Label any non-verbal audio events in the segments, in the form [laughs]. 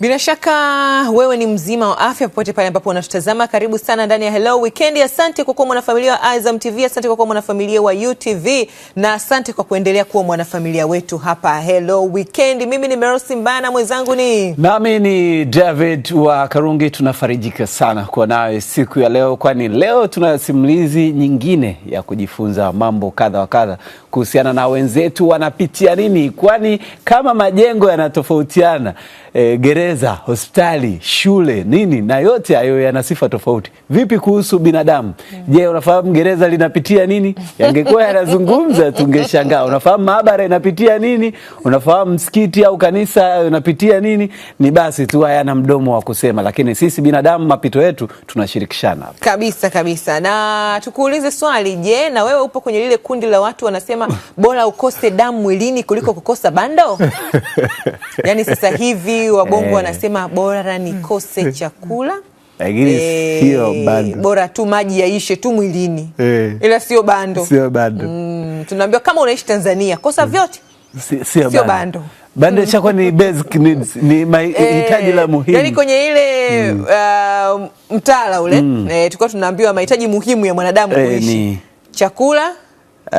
Bila shaka wewe ni mzima wa afya popote pale ambapo unatutazama, karibu sana ndani ya Hello Weekend. Asante kwa kuwa mwanafamilia wa Azam TV, asante kwa kuwa mwanafamilia wa UTV na asante kwa kuendelea kuwa mwanafamilia wetu hapa Hello Weekend. Mimi ni Merosi Mbana, mwenzangu ni nami ni David wa Karungi. Tunafarijika sana kuwa nawe siku ya leo, kwani leo tuna simulizi nyingine ya kujifunza mambo kadha wa kadha kuhusiana na wenzetu wanapitia nini, kwani kama majengo yanatofautiana e, eh, gere gereza, hospitali, shule, nini na yote hayo yana sifa tofauti. Vipi kuhusu binadamu? Mm. Je, unafahamu gereza linapitia nini? Yangekuwa yanazungumza tungeshangaa. Unafahamu maabara inapitia nini? Unafahamu msikiti au kanisa inapitia nini? Ni basi tu hayana mdomo wa kusema, lakini sisi binadamu mapito yetu tunashirikishana kabisa kabisa. Na tukuulize swali, je, na wewe upo kwenye lile kundi la watu wanasema bora ukose damu mwilini kuliko kukosa bando? [laughs] Yani sasa hivi wabongo wanasema eh. bora nikose hmm. hmm. chakula lakini eh, sio bando, bora tu maji yaishe tu mwilini eh. ila sio bando, sio bando. Mm, tunaambiwa kama unaishi Tanzania kosa hmm. vyote sio, bando, bando. Bando chakwa ni basic needs, ni mahitaji e, la muhimu. Yaani kwenye ile mm. uh, mtaala ule mm. e, tulikuwa tunaambiwa mahitaji muhimu ya mwanadamu kuishi e, chakula Uh,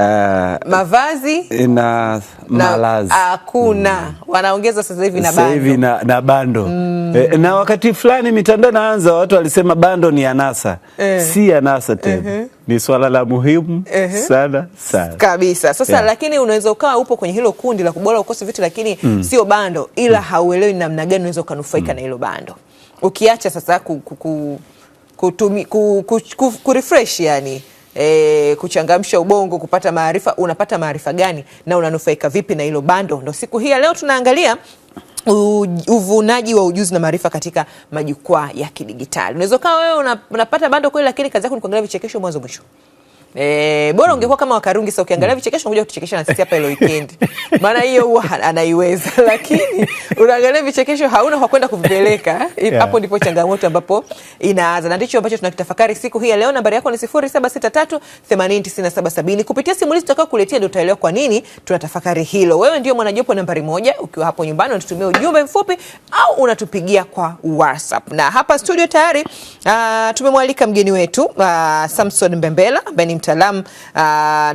mavazi na malazi hakuna mm. Wanaongeza sasa hivi na bando, na, na, bando. Mm. E, na wakati fulani mitandao naanza watu walisema bando ni anasa eh. Si anasa tena uh mhm. -huh. Ni swala la muhimu uh mhm. -huh. Sana sana kabisa sasa yeah. Lakini unaweza ukawa upo kwenye hilo kundi la kubora ukosi vitu lakini mm. Sio bando ila mm. Hauelewi namna gani unaweza ukanufaika mm. na hilo bando ukiacha sasa ku, ku, ku, kutumi, ku, ku, ku, ku, ku refresh yani e, kuchangamsha ubongo, kupata maarifa. Unapata maarifa gani na unanufaika vipi na hilo bando? Ndo siku hii ya leo tunaangalia uvunaji wa ujuzi na maarifa katika majukwaa ya kidigitali. Unaweza kawa wewe unapata bando kweli, lakini kazi yako ni kuangalia vichekesho mwanzo mwisho. E, bora ungekuwa mm. kama Wakarungi sasa, ukiangalia mm. vichekesho unakuja kutuchekesha na sisi hapa ile weekend, [laughs] maana hiyo huwa anaiweza, [laughs] lakini unaangalia vichekesho hauna kwa kwenda kuvipeleka hapo. yeah. Ndipo changamoto ambapo inaanza, na ndicho ambacho tunakitafakari siku hii ya leo. Nambari yako ni 0763809770 kupitia simulizi tutakao kuletea, ndio utaelewa kwa nini tunatafakari hilo. Wewe ndio mwanajopo nambari moja, ukiwa hapo nyumbani unatutumia ujumbe mfupi au unatupigia kwa WhatsApp, na hapa studio tayari uh, tumemwalika mgeni wetu uh, Samson Mbembela ambaye mtaalamu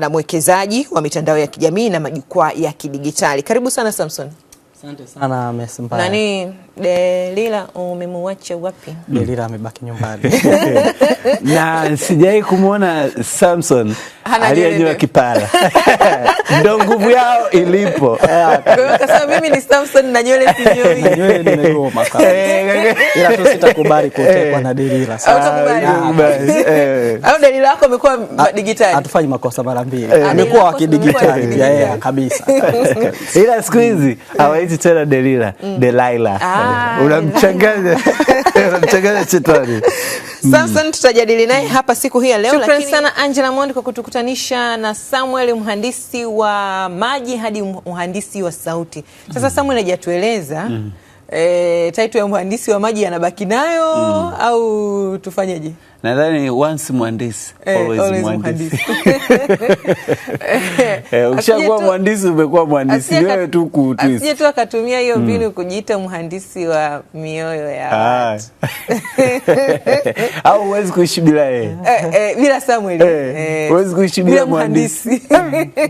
na mwekezaji wa mitandao ya kijamii na majukwaa ya kidigitali. Karibu sana Samson. Asante sana Ms. Nani Delila umemwacha wapi? Delila amebaki nyumbani [laughs] na sijai kumwona Samson aliyenywa kipara [laughs] ndo nguvu yao ilipo. [laughs] Kasema mimi ni Samson na nywele ila sitakubali kutekwa na Delila. Ah, ah, eh. Au Delila amekuwa ah, digitali, hatufanyi makosa mara mbili, eh. amekuwa kidigitali kabisa, ila siku hizi mm. hawaiti tena Delila, mm. Delaila unamchanganya [laughs] hmm. tutajadili naye hapa siku hii ya leo. Shukrani lakini... sana Angela Mondi kwa kutukutanisha na Samuel, mhandisi wa maji hadi mhandisi wa sauti. Sasa hmm. Samuel hajatueleza mm E, title ya mhandisi wa maji anabaki nayo mm au tufanyeje? nadhani once mwandisi ukishakuwa mwandisi umekuwa mwandisi ni wewe tu kutwist. tu akatumia hiyo hmm. mbinu kujiita mhandisi wa mioyo ya ah. watu. [laughs] Au huwezi kuishi bila yeye. Eh, eh, bila Samuel. Eh, eh, huwezi kuishi bila mhandisi.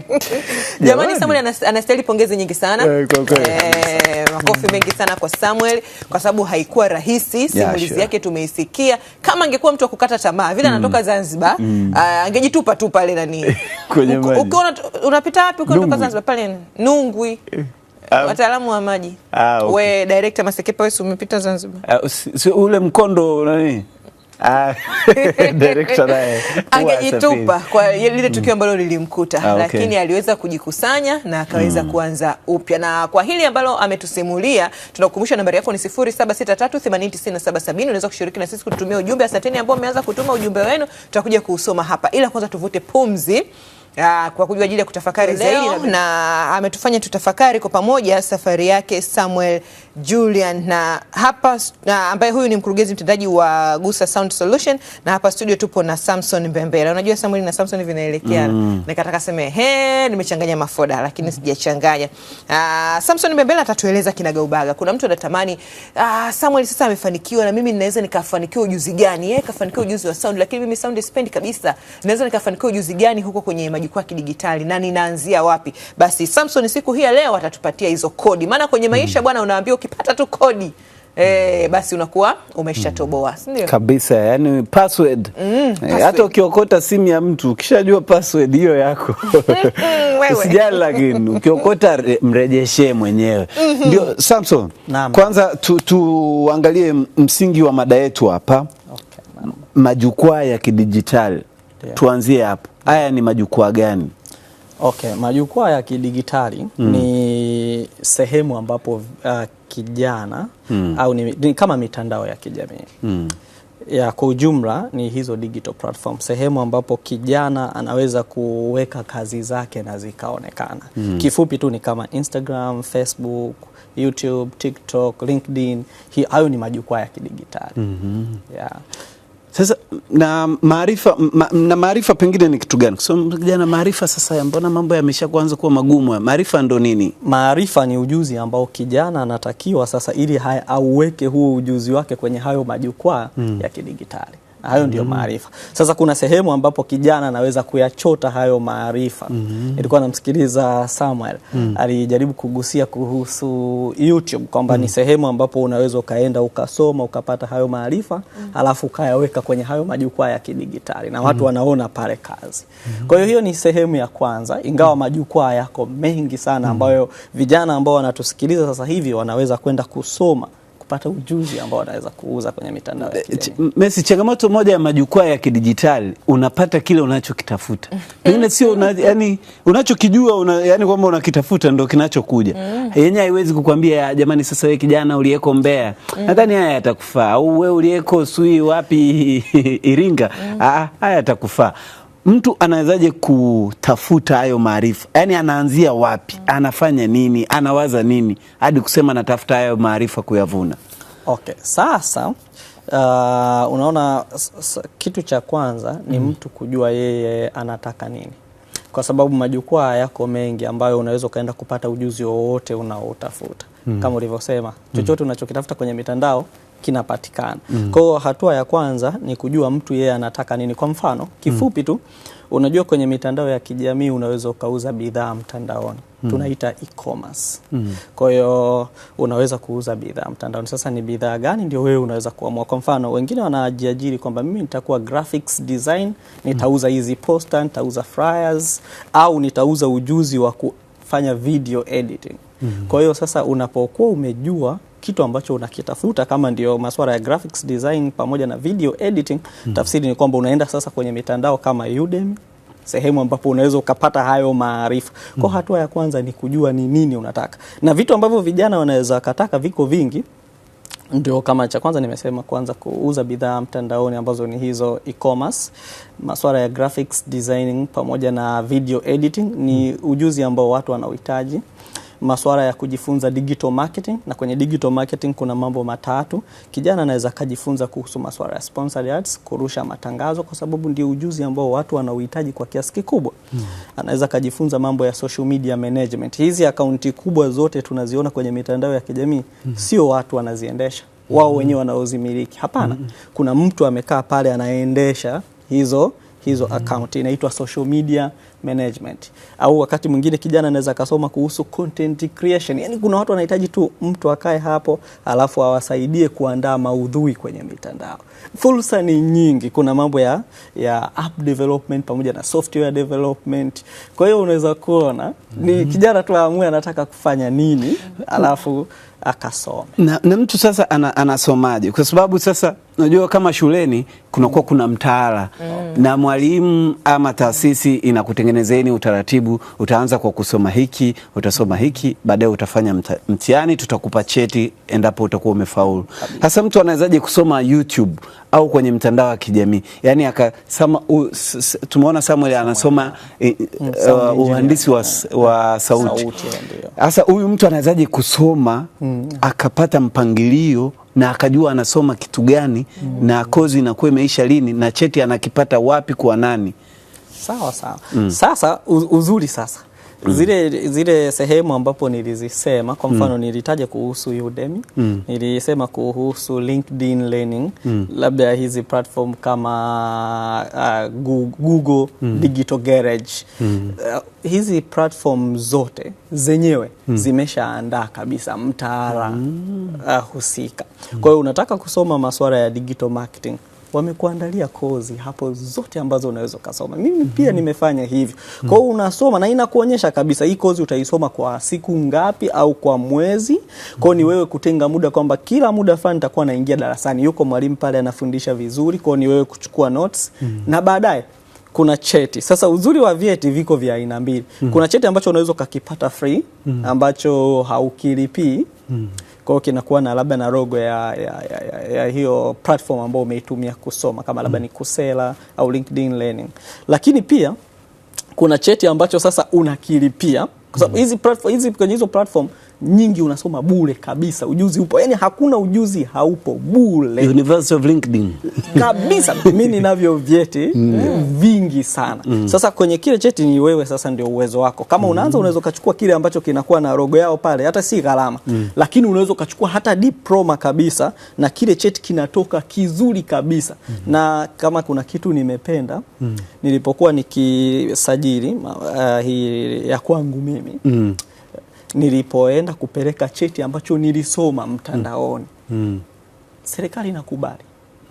[laughs] Jamani, Samuel anastahili pongezi nyingi sana. kwa kweli makofi mm. mengi sana kwa Samuel kwa sababu haikuwa rahisi, simulizi yeah, sure. yake tumeisikia. Kama angekuwa mtu wa kukata tamaa vile mm. anatoka mm. Zanzibar mm. Uh, angejitupa tu pale nani [laughs] ukiona unapita wapi ukiona kutoka Zanzibar pale Nungwi Um, wataalamu wa maji uh, okay. We director Masekepa, wewe umepita Zanzibar uh, ule mkondo nani Ah, [laughs] [laughs] angejitupa kwa lile tukio mm. ambalo lilimkuta ah, okay. Lakini aliweza kujikusanya na akaweza mm. kuanza upya na kwa hili ambalo ametusimulia, tunakukumbusha nambari yako ni sabini. unaweza kushiriki na sisi kututumia ujumbe. Asanteni ambao umeanza kutuma ujumbe wenu, tutakuja kuusoma hapa, ila kwanza tuvute pumzi uh, kwa kujua ajili ya kutafakari Leo, zaidi na ametufanya tutafakari kwa pamoja safari yake Samuel Julian na hapa na ambaye huyu ni mkurugenzi mtendaji wa Gusa Sound Solution na hapa studio tupo na Samson Mbembela. Unajua Samuel na Samson vinaelekeana. Mm. Nikataka sema he nimechanganya mafoda lakini mm. sijachanganya. Uh, Samson Mbembela atatueleza kinagaubaga. Kuna mtu anatamani uh, Samuel sasa amefanikiwa na mimi ninaweza nikafanikiwa ujuzi gani? Yeye kafanikiwa ujuzi wa sound lakini mimi sound spend kabisa. Naweza nikafanikiwa ujuzi gani huko kwenye majukwaa ya kidigitali na ninaanzia wapi? Basi Samson siku hii ya leo atatupatia hizo kodi, maana kwenye maisha hmm. bwana, unaambia ukipata tu kodi Eh, hmm. basi unakuwa umeshatoboa sindio? Kabisa, yani password. Mm, hata ukiokota simu ya mtu ukishajua password hiyo yako [laughs] usijali, lakini ukiokota mrejeshee mwenyewe mm -hmm. Samson Naam. kwanza tuangalie tu msingi wa mada yetu hapa okay, majukwaa ya kidijitali yeah. Tuanzie hapo haya ni majukwaa gani? Okay, majukwaa ya kidigitali mm. ni sehemu ambapo uh, kijana mm. au ni, ni kama mitandao ya kijamii mm. ya kwa ujumla ni hizo digital platform, sehemu ambapo kijana anaweza kuweka kazi zake na zikaonekana mm. kifupi tu ni kama Instagram, Facebook, YouTube, TikTok, LinkedIn. Hayo ni majukwaa ya kidigitali mm -hmm. yeah. Sasa na maarifa ma, na maarifa pengine ni kitu gani? Kusema so, kijana maarifa sasa, mbona mambo yamesha kuanza kuwa magumu? Maarifa ndo nini? Maarifa ni ujuzi ambao kijana anatakiwa sasa, ili auweke huo ujuzi wake kwenye hayo majukwaa mm. ya kidigitali. Hayo ndio mm-hmm. maarifa. Sasa kuna sehemu ambapo kijana anaweza kuyachota hayo maarifa. Mm-hmm. Nilikuwa namsikiliza Samuel, mm. alijaribu kugusia kuhusu YouTube kwamba ni mm. sehemu ambapo unaweza ukaenda ukasoma ukapata hayo maarifa, mm. alafu ukayaweka kwenye hayo majukwaa ya kidigitali na watu wanaona pale kazi. Mm-hmm. Kwa hiyo hiyo ni sehemu ya kwanza, ingawa majukwaa yako mengi sana ambayo vijana ambao wanatusikiliza sasa hivi wanaweza kwenda kusoma kupata ujuzi ambao wanaweza kuuza kwenye mitandao ya eh, eh, kijamii. Messi, changamoto moja ya majukwaa ya kidijitali unapata kile unachokitafuta. Pengine sio una, [laughs] yani unachokijua una, yani kwamba unakitafuta ndio kinachokuja. yenye mm. Yenyewe haiwezi kukwambia jamani, sasa wewe kijana uliyeko Mbeya, mm. nadhani haya yatakufaa au wewe uliyeko sui wapi [laughs] Iringa, mm. ah, haya yatakufaa mtu anawezaje kutafuta hayo maarifa? Yaani anaanzia wapi? Anafanya nini? Anawaza nini hadi kusema natafuta hayo maarifa kuyavuna? Okay, sasa uh, unaona kitu cha kwanza ni mm. mtu kujua yeye anataka nini, kwa sababu majukwaa yako mengi ambayo unaweza ukaenda kupata ujuzi wowote unaotafuta mm. kama ulivyosema, chochote mm. unachokitafuta kwenye mitandao kinapatikana. Mm. Kwa hiyo hatua ya kwanza ni kujua mtu yeye anataka nini. Kwa mfano mm. kifupi tu, unajua kwenye mitandao ya kijamii unaweza ukauza bidhaa mtandaoni mm. tunaita e-commerce. Mm. Kwa hiyo unaweza kuuza bidhaa mtandaoni. Sasa ni bidhaa gani ndio wewe unaweza kuamua. Kwa mfano wengine wanajiajiri kwamba mimi nitakuwa graphics design, nitauza hizi poster, nitauza flyers au nitauza ujuzi wa kufanya video editing. -hmm. Kwa hiyo sasa unapokuwa umejua kitu ambacho unakitafuta kama ndio masuala ya graphics design pamoja na video editing, mm. tafsiri ni kwamba unaenda sasa kwenye mitandao kama Udemy sehemu ambapo unaweza ukapata hayo maarifa. Kwa mm-hmm. hatua ya kwanza ni kujua ni nini unataka, na vitu ambavyo vijana wanaweza kataka viko vingi. Ndio, kama cha kwanza nimesema, kwanza kuuza bidhaa mtandaoni ambazo ni hizo e-commerce, masuala ya graphics designing pamoja na video editing ni mm-hmm. ujuzi ambao watu wanauhitaji masuala ya kujifunza digital marketing, na kwenye digital marketing kuna mambo matatu. Kijana anaweza akajifunza kuhusu masuala ya sponsored ads, kurusha matangazo, kwa sababu ndio ujuzi ambao watu wanauhitaji kwa kiasi kikubwa Hmm. Anaweza akajifunza mambo ya social media management. Hizi akaunti kubwa zote tunaziona kwenye mitandao ya kijamii hmm, sio watu wanaziendesha wao wenyewe wanaozimiliki, hapana. -hmm. Kuna mtu amekaa pale anaendesha hizo hizo account. Inaitwa social media management, au wakati mwingine kijana anaweza akasoma kuhusu content creation. Yani kuna watu wanahitaji tu mtu akae hapo alafu awasaidie kuandaa maudhui kwenye mitandao. Fursa ni nyingi, kuna mambo ya, ya app development pamoja na software development. Kwa hiyo unaweza kuona ni mhm. kijana tu aamue anataka kufanya nini alafu akasome na, na mtu sasa ana, anasomaje? Kwa sababu sasa unajua kama shuleni kunakuwa kuna mtaala mm. na mwalimu ama taasisi inakutengenezeni utaratibu, utaanza kwa kusoma hiki, utasoma hiki, baadaye utafanya mtihani, tutakupa cheti endapo utakuwa umefaulu. Sasa mtu anawezaje kusoma YouTube au kwenye mtandao wa kijamii yani aka, sama, u, s, tumeona Samuel anasoma eh, mm, eh, uhandisi uh, wa, wa mm. sauti. Sasa huyu mtu anawezaje kusoma mm. akapata mpangilio na akajua anasoma kitu gani na kozi inakuwa imeisha lini na cheti anakipata wapi kwa nani? Sawa sawa Sasa uzuri sasa Mm. zile, zile sehemu ambapo nilizisema kwa mm. mfano mm. nilitaja kuhusu Udemy mm. nilisema kuhusu LinkedIn Learning mm. labda hizi platform kama uh, Google mm. Digital Garage mm. uh, hizi platform zote zenyewe mm. zimeshaandaa kabisa mtaala mm. uh, husika mm. kwa hiyo unataka kusoma masuala ya digital marketing wamekuandalia kozi hapo zote ambazo unaweza ukasoma. Mimi mm -hmm. nimefanya hivyo mm -hmm. kwa hiyo mhm. unasoma na inakuonyesha kabisa hii kozi utaisoma kwa siku ngapi au kwa mwezi. Kwa hiyo ni mhm. wewe kutenga muda kwamba kila muda fulani nitakuwa naingia darasani, yuko mwalimu pale anafundisha vizuri, kwa ni wewe kuchukua notes mm -hmm. na baadaye kuna cheti sasa. Uzuri wa vyeti viko vya aina mbili. mm -hmm. Kuna cheti ambacho unaweza ukakipata free mm -hmm. ambacho haukilipii mm -hmm kwa hiyo kinakuwa na labda na logo ya, ya, ya, ya, ya hiyo platform ambayo umeitumia kusoma kama labda mm. ni Coursera au LinkedIn Learning. Lakini pia kuna cheti ambacho sasa unakilipia kwa sababu mm. hizi platform hizi kwenye hizo platform nyingi unasoma bure kabisa, ujuzi upo, yani hakuna ujuzi haupo, bure University of LinkedIn kabisa. Mimi ninavyo vyeti mm. vingi sana mm. Sasa kwenye kile cheti ni wewe sasa ndio uwezo wako, kama mm. unaanza unaweza ukachukua kile ambacho kinakuwa na rogo yao pale, hata si gharama mm. lakini unaweza ukachukua hata diploma kabisa, na kile cheti kinatoka kizuri kabisa mm. na kama kuna kitu nimependa mm. nilipokuwa nikisajili uh, hii ya kwangu mimi mm nilipoenda kupeleka cheti ambacho nilisoma mtandaoni mm. serikali inakubali.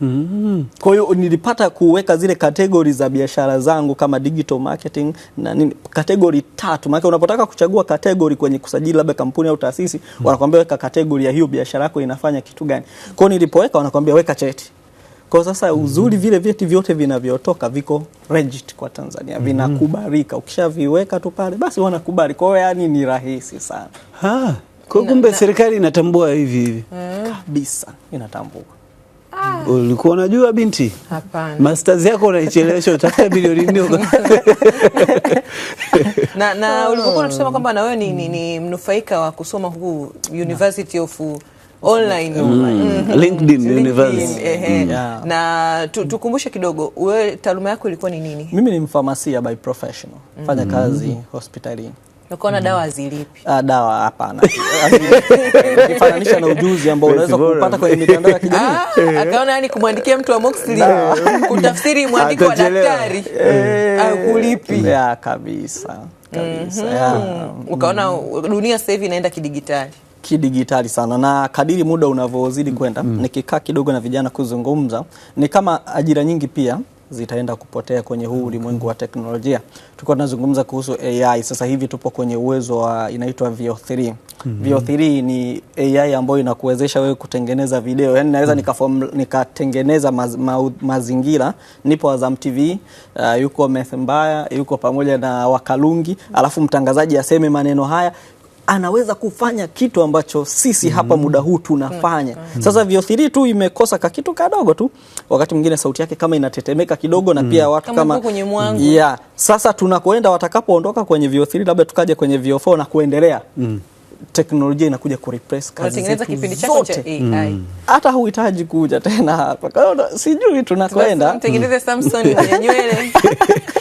Mm. Kwa hiyo nilipata kuweka zile kategori za biashara zangu kama digital marketing na nini, kategori tatu. Maana unapotaka kuchagua kategori kwenye kusajili labda kampuni au taasisi mm. wanakuambia weka kategori ya hiyo biashara yako inafanya kitu gani. Kwa hiyo nilipoweka wanakuambia weka cheti kwa sasa mhm. uzuri vile vyeti vyote vinavyotoka viko registered kwa Tanzania mhm. Vinakubalika, ukishaviweka tu pale basi wanakubali. Kwa hiyo yani ni rahisi sana ha. Kwa kumbe serikali inatambua hivi hivi eh. Kabisa inatambua. Ah. Ulikuwa unajua binti? Hapana. Masters yako unaichelewesha utafuta bilioni nne. [laughs] Na na ah. ulipokuwa unasema kwamba na wewe ni, ni, ni mnufaika wa kusoma huku University of online, Mm. Mm. Mm-hmm. LinkedIn, LinkedIn universe eh, eh. mm. yeah. na tu, tukumbushe kidogo wewe taaluma yako ilikuwa ni nini? Mimi ni mfamasia by professional mm. fanya mm. kazi hospitalini Ukaona mm. dawa hazilipi? Ah, dawa hapana. [laughs] Ukifananisha na ujuzi ambao unaweza kupata kwenye mitandao ya kijamii. Ah, akaona yani kumwandikia mtu moxley kutafsiri mwandiko wa daktari eh. akulipi. Ya kabisa. Kabisa. Mm-hmm. Ukaona dunia sasa hivi inaenda kidigitali kidigitali sana, na kadiri muda unavyozidi mm. kwenda mm. nikikaa kidogo na vijana kuzungumza, ni kama ajira nyingi pia zitaenda kupotea kwenye huu mm, ulimwengu mm. wa teknolojia. Tulikuwa tunazungumza kuhusu AI, sasa hivi tupo kwenye uwezo wa inaitwa VO3. Mm -hmm. VO3 ni AI ambayo inakuwezesha wewe kutengeneza video, yaani naweza mm -hmm. nikatengeneza nika maz, ma, mazingira nipo Azam TV uh, yuko Methembaya yuko pamoja na Wakalungi, alafu mtangazaji aseme maneno haya, anaweza kufanya kitu ambacho sisi hapa mm. muda huu tunafanya. Mm. Mm. Sasa VO3 tu imekosa ka kitu kadogo tu, wakati mwingine sauti yake kama inatetemeka kidogo, na pia watu kama, kama yeah. Sasa tunakoenda watakapoondoka kwenye VO3 labda tukaje kwenye VO4 na kuendelea mm teknolojia inakuja kureplace kazi zetu zote, mm. hata mm. huhitaji kuja tena hapa. Kwa hiyo sijui tunakwenda, mtengeneze Samson mwenye mm. nywele, [laughs]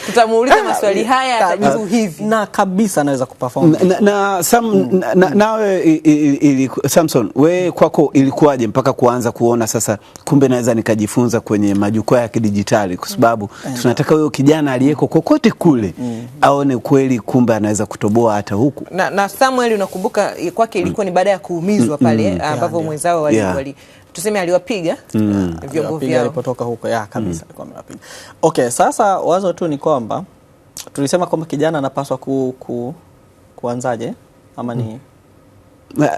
tutamuuliza ah, maswali eh, haya, atajibu hivi na kabisa anaweza kuperform na, na, Sam, mm. na, nawe ili, Samson we kwako ilikuwaje mpaka kuanza kuona sasa kumbe naweza nikajifunza kwenye majukwaa ya kidijitali, kwa sababu eh. tunataka huyo kijana aliyeko kokote kule aone kweli kumbe anaweza kutoboa hata huku na, na Samuel unakumbuka kwanza kwake ilikuwa ni baada ya kuumizwa pale mm, eh, ambapo yeah, mwenzao wali, yeah. wali tuseme aliwapiga eh, mm. vyombo vyao alipotoka huko ya kabisa mm. alikuwa amewapiga. Okay, sasa wazo tu ni kwamba tulisema kwamba kijana anapaswa ku, ku, kuanzaje ama ni mm.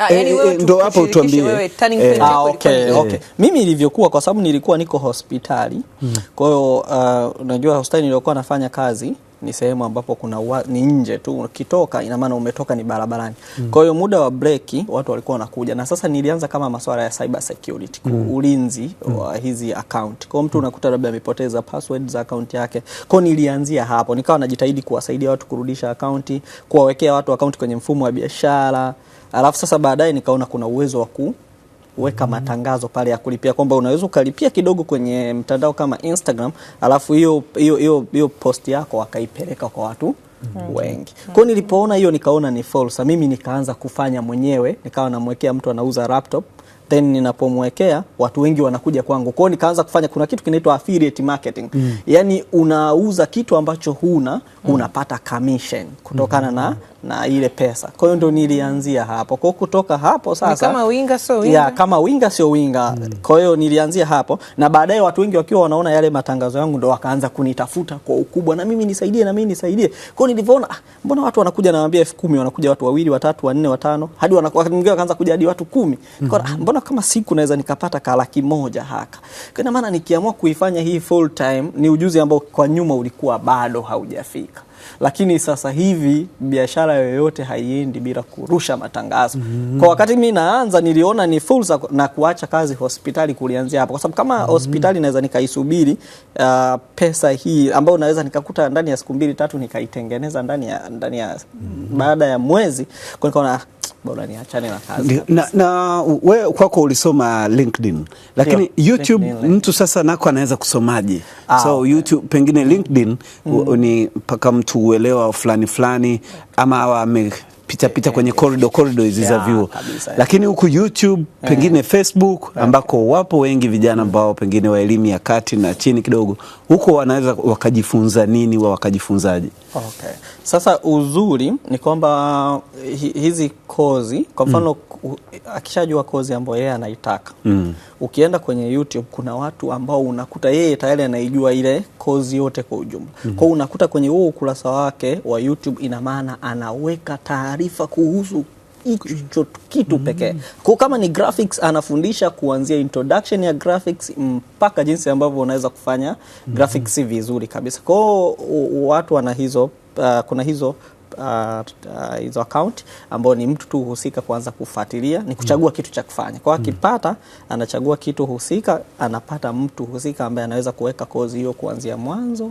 Ah, eh, yani ndo hapo tuambie. Ah, okay, okay. Mimi ilivyokuwa kwa sababu nilikuwa niko hospitali. Mm. Kwa hiyo uh, unajua hospitali nilikuwa nafanya kazi ni sehemu ambapo kuna wa, ni nje tu ukitoka, ina maana umetoka ni barabarani mm. Kwa hiyo muda wa break watu walikuwa wanakuja, na sasa nilianza kama masuala ya cyber security mm. ulinzi mm. wa hizi account. Kwa mtu mm. unakuta labda amepoteza password za account yake, kwa nilianzia hapo, nikawa najitahidi kuwasaidia watu kurudisha account, kuwawekea watu account kwenye mfumo wa biashara, alafu sasa baadaye nikaona kuna uwezo wa weka matangazo pale ya kulipia kwamba unaweza ukalipia kidogo kwenye mtandao kama Instagram, alafu hiyo hiyo hiyo hiyo post yako akaipeleka kwa watu mm-hmm. wengi. Mm-hmm. Kwa hiyo nilipoona hiyo nikaona ni fursa, mimi nikaanza kufanya mwenyewe, nikawa namwekea mtu anauza laptop then ninapomwekea watu wengi wanakuja kwangu. Kwa hiyo nikaanza kufanya, kuna kitu kinaitwa affiliate marketing mm. Yani unauza kitu ambacho huna mm. unapata commission kutokana mm. na na ile pesa. Kwa hiyo ndo nilianzia hapo. Kwa kutoka hapo sasa kama winga sio winga. Ya, kama winga sio winga. Mm. Kwa hiyo nilianzia hapo na baadaye watu wengi wakiwa wanaona yale matangazo yangu ndo wakaanza kunitafuta kwa ukubwa na mimi nisaidie na mimi nisaidie. Kwa hiyo nilivyoona ah, mbona watu wanakuja na mwambia 10,000 wanakuja watu wawili, watatu, wanne, watano hadi wanakuwa wakaanza kuja hadi watu kumi. Kwa hiyo ah, hmm. mbona kama siku naweza nikapata kala kimoja haka. Kwa maana nikiamua kuifanya hii full time ni ujuzi ambao kwa nyuma ulikuwa bado haujafika lakini sasa hivi biashara yoyote haiendi bila kurusha matangazo. mm -hmm. Kwa wakati mimi naanza niliona ni fursa na kuacha kazi hospitali kulianzia hapo, kwa sababu kama mm -hmm. hospitali naweza nikaisubiri uh, pesa hii ambayo naweza nikakuta ndani ya siku mbili tatu nikaitengeneza ndani ya ndani ya mm -hmm. baada ya mwezi kwa nikaona bora niachane na kazi na, na wewe kwako ulisoma LinkedIn lakini Tio, YouTube LinkedIn, mtu sasa nako anaweza kusomaje? ah, so okay. Eh. YouTube pengine LinkedIn mm. ni mpaka mtu uelewa fulani fulani ama awa pita pita kwenye corridor corridor hizi za vyuo, lakini huku YouTube eh. pengine Facebook eh. ambako wapo wengi vijana ambao pengine wa elimu ya kati na chini kidogo, huko wanaweza wakajifunza nini wa wakajifunzaje? Okay. Sasa uzuri ni kwamba eh, hizi kozi kwa mm. mfano mm. akishajua kozi ambayo yeye anaitaka mm. ukienda kwenye YouTube kuna watu ambao unakuta yeye tayari anaijua ile kozi yote kwa ujumla mm. kwa unakuta kwenye huo ukurasa wake wa YouTube ina maana anaweka taarifa maarifa kuhusu hicho kitu mm -hmm. pekee. Kwa kama ni graphics anafundisha kuanzia introduction ya graphics mpaka jinsi ambavyo unaweza kufanya mm -hmm. graphics vizuri kabisa. Kwa watu wana hizo uh, kuna hizo Uh, uh, hizo account ambao ni mtu tu husika kuanza kufuatilia ni kuchagua mm. kitu cha kufanya kwa akipata mm. anachagua kitu husika, anapata mtu husika ambaye anaweza kuweka kozi hiyo kuanzia mwanzo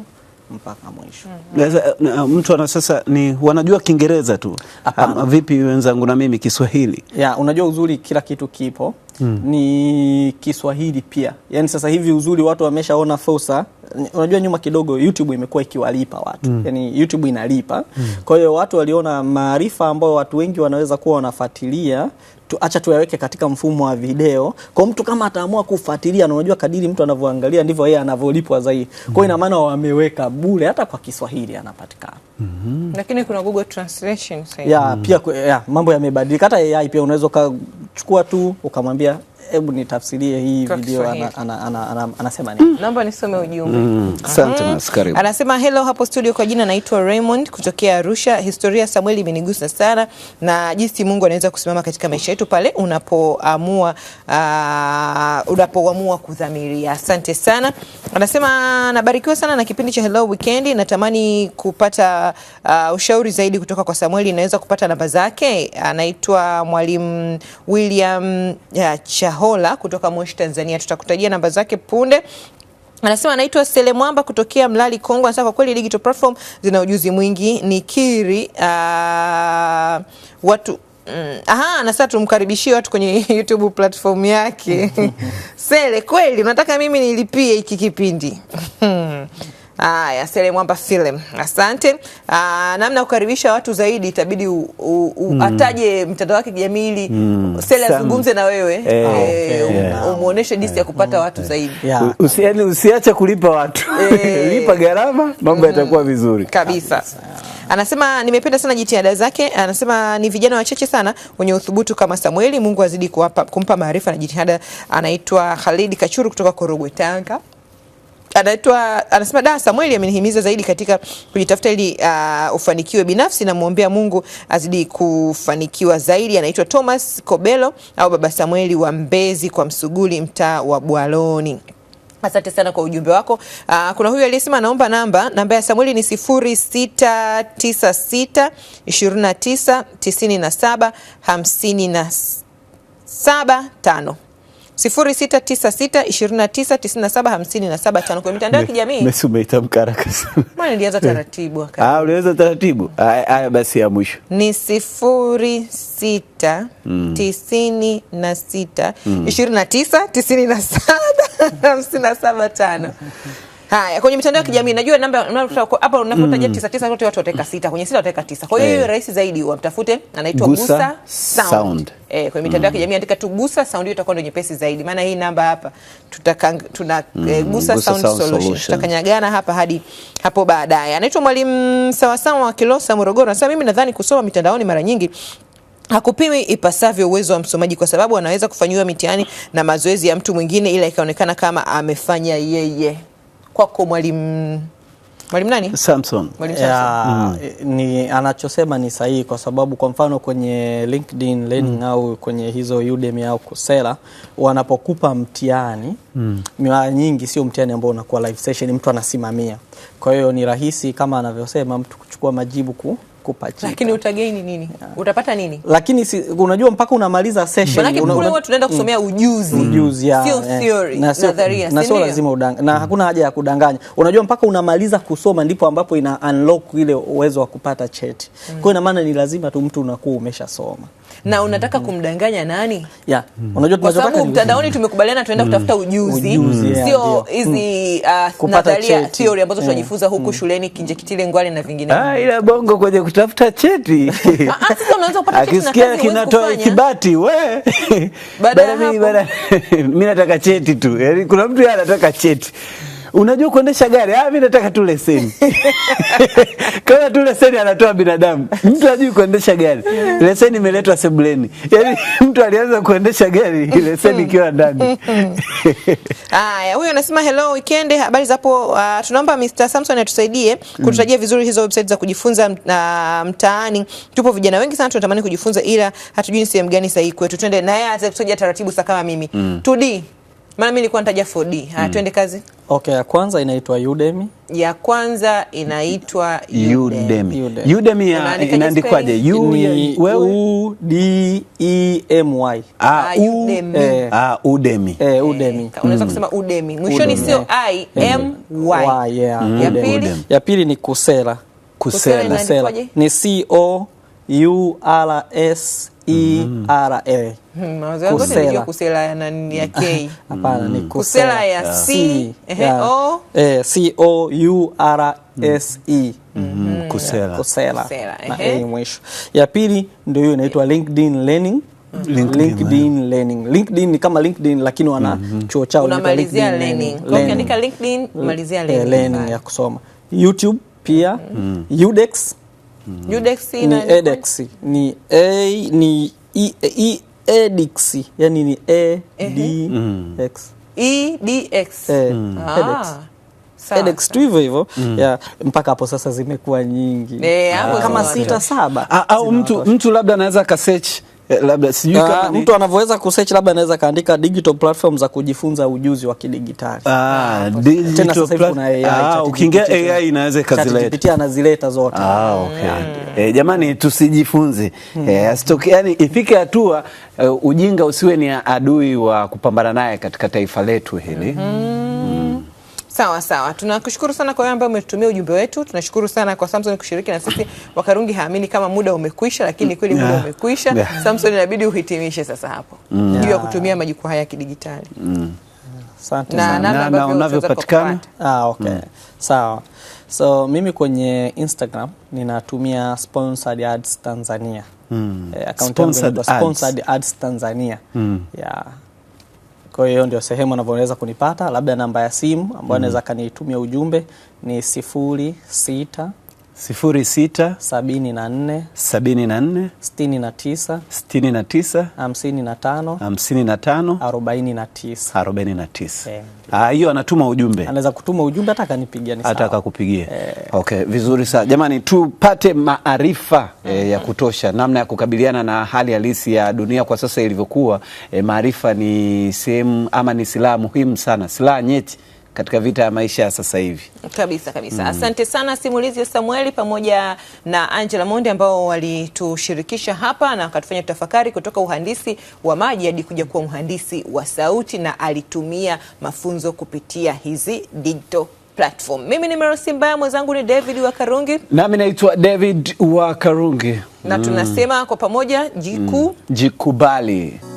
mpaka mwisho. mm -hmm. Mtu ana sasa ni wanajua Kiingereza tu ama ah, Vipi wenzangu na mimi Kiswahili ya, unajua uzuri kila kitu kipo mm. Ni Kiswahili pia, yaani sasa hivi uzuri watu wameshaona fursa. Unajua nyuma kidogo YouTube imekuwa ikiwalipa watu mm. Yaani YouTube inalipa mm. Kwa hiyo watu waliona maarifa ambayo watu wengi wanaweza kuwa wanafuatilia tu, acha tuyaweke katika mfumo wa video. Kwa mtu kama ataamua kufuatilia, na unajua kadiri mtu anavyoangalia ndivyo yeye anavyolipwa zaidi. Kwa hiyo ina maana wameweka bure, hata kwa Kiswahili anapatikana. Mm -hmm. Lakini kuna Google Translation sasa. Ya, mm -hmm. Pia ya, mambo yamebadilika. Hata AI pia unaweza ukachukua tu ukamwambia hebu nitafsirie hii video anasema nini? Mm, naomba nisome ujumbe. Mm, asante mm. Anasema hello hapo studio, kwa jina naitwa Raymond kutokea Arusha. Historia samuel imenigusa sana na jinsi Mungu anaweza kusimama katika maisha yetu pale unapoamua uh, unapoamua kudhamiria. Asante sana. Anasema nabarikiwa sana na kipindi cha Hello Weekend. Natamani kupata uh, ushauri zaidi kutoka kwa Samueli. Naweza kupata namba zake? Anaitwa Mwalimu William uh, cha Kahola kutoka Moshi Tanzania. Tutakutajia namba zake punde. Anasema anaitwa Sele Mwamba kutokea Mlali Kongwa. Anasema kwa kweli digital platform zina ujuzi mwingi kiri uh, watu Mm. Aha, na sasa tumkaribishie watu kwenye [laughs] YouTube platform yake. [laughs] Sele, kweli unataka mimi nilipie hiki kipindi? [laughs] Haya, Sele Mwamba Film, asante. Ah, namna kukaribisha watu zaidi itabidi hmm. ataje mm. mtandao wake kijamii ili mm. Sele azungumze na wewe eh, eh, eh, um, yeah. Um, umuoneshe jinsi ya eh. kupata watu eh. zaidi yeah. Usiache kulipa watu eh. [laughs] lipa gharama, mambo mm-hmm. yatakuwa mm. vizuri kabisa, kabisa. Anasema nimependa sana jitihada zake. Anasema ni vijana wachache sana wenye uthubutu kama Samueli. Mungu azidi kumpa maarifa na jitihada. Anaitwa Khalid Kachuru kutoka Korogwe, Tanga anaitwa anasema da Samuel amenihimiza zaidi katika kujitafuta ili uh, ufanikiwe binafsi, na muombea Mungu azidi kufanikiwa zaidi. Anaitwa Thomas Kobelo au baba Samuel wa Mbezi kwa Msuguli, mtaa wa Bwaloni. Asante sana kwa ujumbe wako. Aa, ah, kuna huyu aliyesema anaomba namba namba ya Samueli ni 0696 29 97 55 75. 0696299757 kwenye mitandao ya kijamii. Messi umeitamka haraka sana. Mbona nilianza taratibu. Ah, uliweza taratibu. Haya basi ya mwisho. Ni 0696299757. [laughs] Haya, kwenye mitandao ya mm. kijamii najua namba hapa unapotaja mm. 99 wote watu wataweka mm. sita, kwenye sita wataweka tisa. Kwa hiyo hiyo eh. rahisi zaidi wamtafute, anaitwa Gusa Sound. Eh, kwenye mitandao ya kijamii andika tu Gusa Sound, hiyo itakuwa ndio nyepesi zaidi, maana hii namba hapa tuna eh, Gusa Sound Solution, tutakanyagana hapa hadi hapo baadaye. Anaitwa Mwalimu Sawasawa wa Kilosa, Morogoro, anasema mimi nadhani kusoma mitandaoni mara nyingi hakupimi ipasavyo uwezo wa msomaji kwa sababu anaweza kufanyiwa mitihani na mazoezi ya mtu mwingine, ila ikaonekana kama amefanya yeye kwako mwalimu mwalimu nani? Samson. Mwalimu Samson. Mm. Ni anachosema ni sahihi kwa sababu kwa mfano kwenye LinkedIn Learning mm. au kwenye hizo Udemy au Coursera wanapokupa mtihani mm. mara nyingi sio mtihani ambao unakuwa live session, mtu anasimamia. Kwa hiyo ni rahisi kama anavyosema mtu kuchukua majibu ku kupachika. Lakini utageini nini? Yeah. Utapata nini? Lakini si, unajua mpaka unamaliza session. Maana kule una, tunaenda mm. kusomea ujuzi. Ujuzi ya. Sio eh. theory, na nadharia. Na sio lazima udanga. Na hakuna haja ya kudanganya. Unajua mpaka unamaliza kusoma ndipo ambapo ina unlock ile uwezo wa kupata cheti. Mm. Kwa hiyo ina maana ni lazima tu mtu unakuwa umeshasoma na unataka kumdanganya nani? Yeah. kwa sababu mtandaoni tumekubaliana tunaenda mm. kutafuta ujuzi, sio hizi mm. ah, nadharia theory ambazo mm. tunajifunza huku shuleni Kinjekitile, Ngwale na vingine. Ah, ila bongo kwenye kutafuta cheti. [laughs] Ah, ah, sasa kupata cheti na kazi kinatoa kibati we. Baada [laughs] mimi nataka cheti tu. Yaani kuna mtu yeye anataka cheti unajua kuendesha gari? Ah, mimi nataka tu leseni. [laughs] Kama tu leseni anatoa binadamu. Mtu ajui kuendesha gari. Leseni imeletwa sebuleni. yani mtu alianza kuendesha gari leseni ikiwa ndani. Haya, [laughs] huyo anasema hello weekend, habari zapo. Uh, ah, tunaomba Mr. Samson atusaidie kututajia mm. vizuri hizo website za kujifunza uh, mtaani. Tupo vijana wengi sana tunatamani kujifunza ila hatujui ni sehemu gani sahihi kwetu. Twende naye atakusaidia taratibu sa kama mimi. Mm. Tudi maana mimi nilikuwa nitaja 4D. Haya, hmm. twende kazi. Okay, ya kwanza inaitwa Udemy. Ya kwanza inaitwa Udemy. Udemy, Udemy inaandikwaje? U D E M Y. Ah, ah Udemy. Eh. Ah, Udemy. Eh, Udemy. Eh, unaweza hmm. kusema Udemy. Mwishoni sio I M Y. Hmm, ya pili, ya pili ni Coursera. Coursera ni C O U R S E ERA e. hmm, [laughs] hapana, ni hmm. kusela ya C O eh, C O U R S E hmm. kusela, kusela na mwisho. Ya pili ndio hiyo inaitwa LinkedIn Learning. LinkedIn, Learning. LinkedIn ni kama LinkedIn lakini wana mm -hmm. chuo chao LinkedIn malizia eh, learning ya kusoma. YouTube pia, mm -hmm. Udex Mm-hmm. UDEX ni EDEX A ni E, e, e yani ni A e, D mm-hmm. X E D X e, ah, tu hivyo hivyo mm. mpaka hapo sasa zimekuwa nyingi e, kama sita saba au mtu, mtu labda anaweza akasearch Eh, labda sijui ah, kama mtu ni... anavyoweza kusearch labda anaweza kaandika digital platform za kujifunza ujuzi wa kidigitali. Ah, ah digital platform. Ah, ukiingia AI inaweza kazileta. Chat GPT Anazileta zote. Ah, okay. Yeah. Hmm. Eh, jamani tusijifunze. Hmm. Eh, asitoke yani ifike hatua uh, ujinga usiwe ni adui wa kupambana naye katika taifa letu hili. Hmm. Sawa sawa, tunakushukuru sana kwa wewe ambaye umetumia ujumbe wetu. Tunashukuru sana kwa Samson kushiriki na sisi. Wakarungi haamini kama muda umekwisha, lakini kweli muda umekwisha. Yeah. Samson, inabidi uhitimishe sasa hapo mm. juu ya kutumia majukwaa haya ya kidigitali mm. na, unavyopatikana. Ah, okay. Mm. Sawa. So mimi kwenye Instagram ninatumia Sponsored Ads Tanzania. Mm. Eh, account Sponsored Ads Tanzania. Mm. Yeah. Kwa hiyo ndio sehemu anavyoweza kunipata, labda namba ya simu ambayo anaweza mm-hmm. mm. akanitumia ujumbe ni sifuri sita 06 74 74 69 69 Ah, hiyo anatuma ujumbe, anaweza kutuma ujumbe hata akanipigia, ni sawa, hata akakupigia eh. Okay, vizuri sana jamani, tupate maarifa eh, ya mm. kutosha namna ya kukabiliana na hali halisi ya dunia kwa sasa ilivyokuwa. Eh, maarifa ni sehemu ama ni silaha muhimu sana, silaha nyeti katika vita ya maisha ya sasa hivi kabisa kabisa. mm. Asante sana simulizi ya Samueli pamoja na Angela Monde ambao walitushirikisha hapa na wakatufanya tafakari kutoka uhandisi wa maji hadi kuja kuwa mhandisi wa sauti, na alitumia mafunzo kupitia hizi digital platform. Mimi ni Mero Mbaya, mwenzangu ni David wa Karungi, nami naitwa David wa Karungi na mm. tunasema kwa pamoja jiku, mm. jikubali.